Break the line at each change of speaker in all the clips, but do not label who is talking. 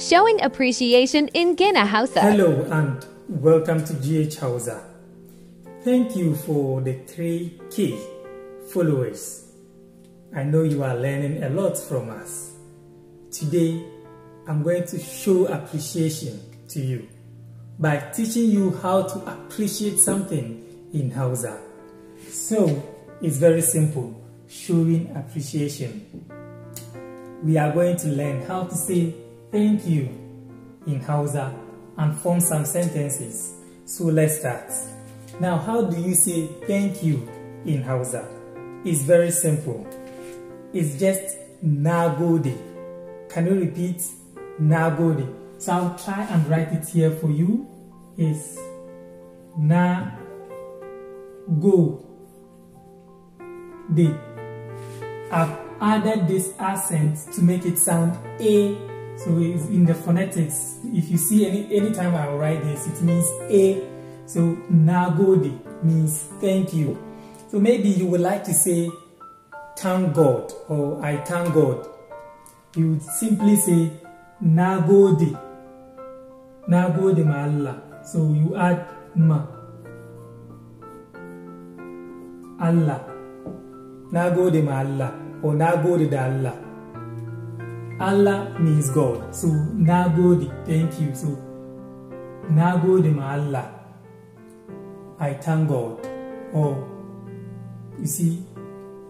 showing appreciation in Ghana Hausa. Hello and welcome to GH Hausa. Thank you for the 3K followers. I know you are learning a lot from us. Today, I'm going to show appreciation to you by teaching you how to appreciate something in Hausa. So, it's very simple, showing appreciation. We are going to learn how to say thank you in Hausa and form some sentences. So let's start. Now, how do you say thank you in Hausa? It's very simple. It's just nagode. Can you repeat nagode? So I'll try and write it here for you. It's na go de. I've added this accent to make it sound a so if in the phonetics, if you see any anytime I write this, it means A. So nagodi means thank you. So maybe you would like to say thank God or I thank God. You would simply say nagodi. Nagodi ma Allah. So you add ma. Allah. Nagodi ma Allah or nagodi da Allah. Allah means God. So nagode, thank you. So nagode ma Allah. I thank God. Oh, you see,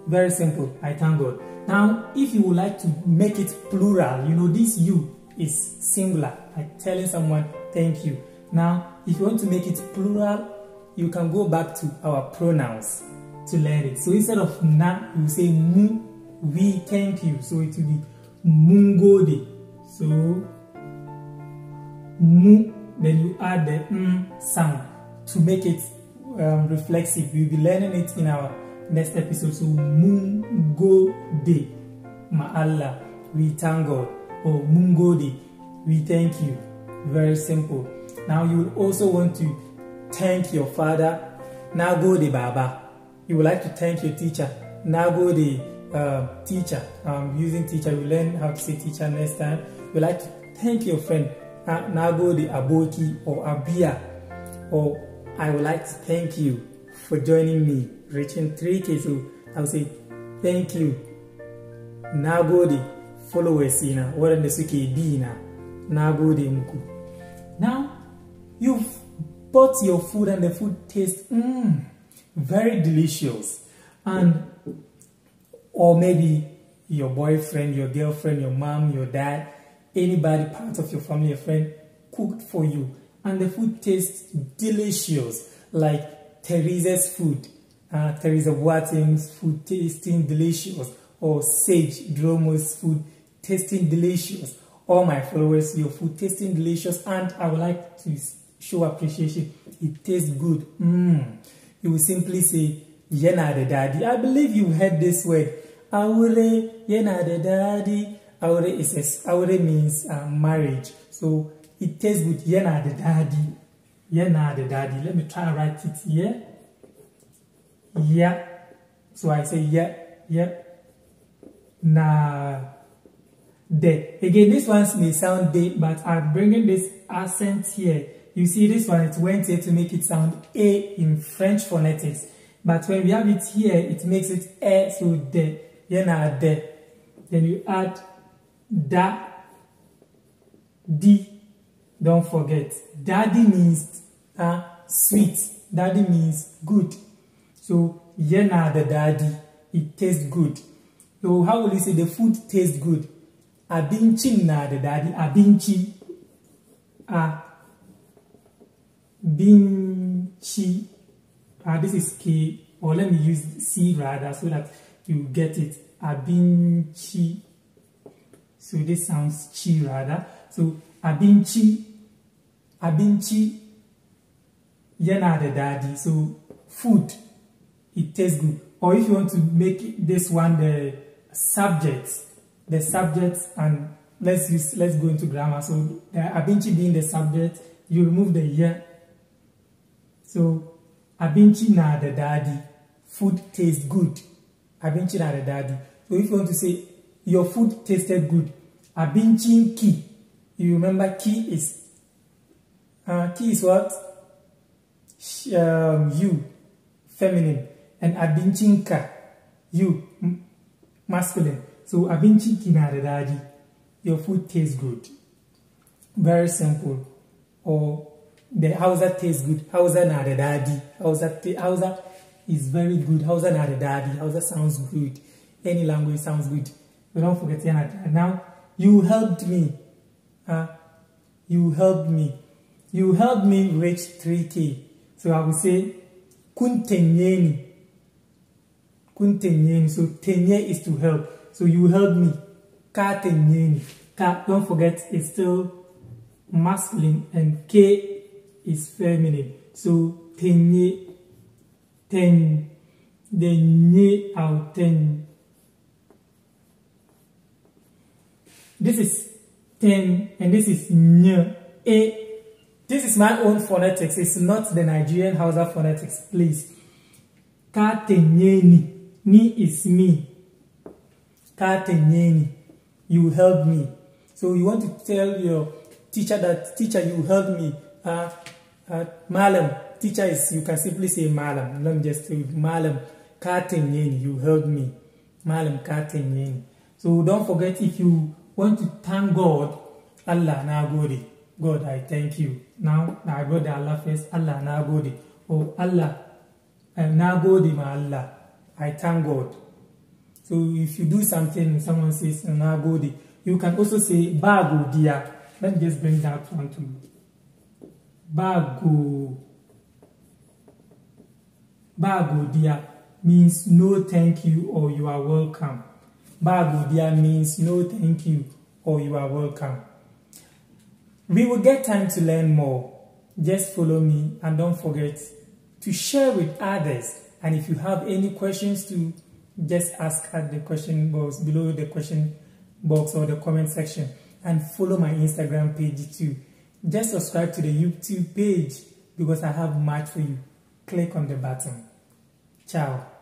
very simple. I thank God. Now, if you would like to make it plural, you know, this you is singular, like telling someone thank you. Now, if you want to make it plural, you can go back to our pronouns to learn it. So instead of na, you say mu, we, thank you. So it will be mungodi. So, mu, then you add the mm sound to make it um, reflexive. We'll be learning it in our next episode. So, mungodi. Allah, we thank God. Or oh, mungodi, we thank you. Very simple. Now, you will also want to thank your father. nagodi Baba. You would like to thank your teacher. nagodi. Uh, teacher. I'm um, using teacher. We learn how to say teacher next time. We like to thank your friend uh, Nago the Aboki or Abia. Or I would like to thank you for joining me. Reaching 3K. So I will say thank you. Nagode followers ina the suke bi na. Nagode muku. Now you've bought your food and the food tastes mm, very delicious and or maybe your boyfriend, your girlfriend, your mom, your dad, anybody, part of your family, a friend cooked for you. And the food tastes delicious, like Teresa's food. Uh, Teresa Watson's food tasting delicious, or Sage Dromo's food tasting delicious. All my followers, your food tasting delicious, and I would like to show appreciation. It tastes good. Mm. You will simply say, Yena the daddy. I believe you heard this word. aure yana de daddy. aure is aure means uh, marriage so it tastes good yena da daddy yena de daddy let me try and write it here yeah so i say yeah yeah na de again this one may sound de but i'm bringing this accent here you see this one it went here to make it sound a in french phonetics but when we have it here it makes it a so de yana the, Then you add da, di. Don't forget, daddy means uh, sweet. Daddy means good. So yana the daddy, it tastes good. So how will you say the food tastes good? Abinchi na the daddy, abinchi, a, uh, binchi. Uh, this is K, or let me use C rather so that you get it abinchi so this sounds chi rather so abinchi abinchi yena the daddy so food it tastes good or if you want to make this one the subject the subject and let's use let's go into grammar so the abinchi being the subject you remove the year so abinchi na the daddy food tastes good Abinchi na da so if you want to say your food tasted good abinchi ki you remember ki is uh, ki is what um, you feminine and abinchi ka you masculine so abinchi ki na da your food tastes good very simple or the hausa tastes good hausa na da daɗi hausa, that? is very good. Hausa na Daddy? How's Hausa sounds good. Any language sounds good. But don't forget Yana. Now, you helped me. Uh, you helped me. You helped me reach 3K. So I will say, kun tenyeni. So tenye is to help. So you helped me. Ka tenyeni. Ka, don't forget, it's still masculine and K is feminine. So tenye ten de nye au ten. This is ten and this is nye. A. This is my own phonetics. It's not the Nigerian Hausa phonetics, please. Ka tenyeni. Ni is me. Ka tenyeni. You help me. So you want to tell your teacher that teacher you help me. Uh, Uh, malam teacher is you can simply say malam not just malam katin yin you help me malam katin yin so don't forget if you want to thank god allah na gode god i thank you now na gode allah first allah na gode oh allah eh, na gode ma allah i thank god so if you do something and someone says na gode you can also say ba godiya let me just bring that one to you. Bagu bagu dia means no thank you or you are welcome Bagu dia means no thank you or you are welcome we will get time to learn more just follow me and don't forget to share with others and if you have any questions to just ask at the question box below the question box or the comment section and follow my instagram page too Just subscribe to the YouTube page because I have much for you. Click on the button. Ciao.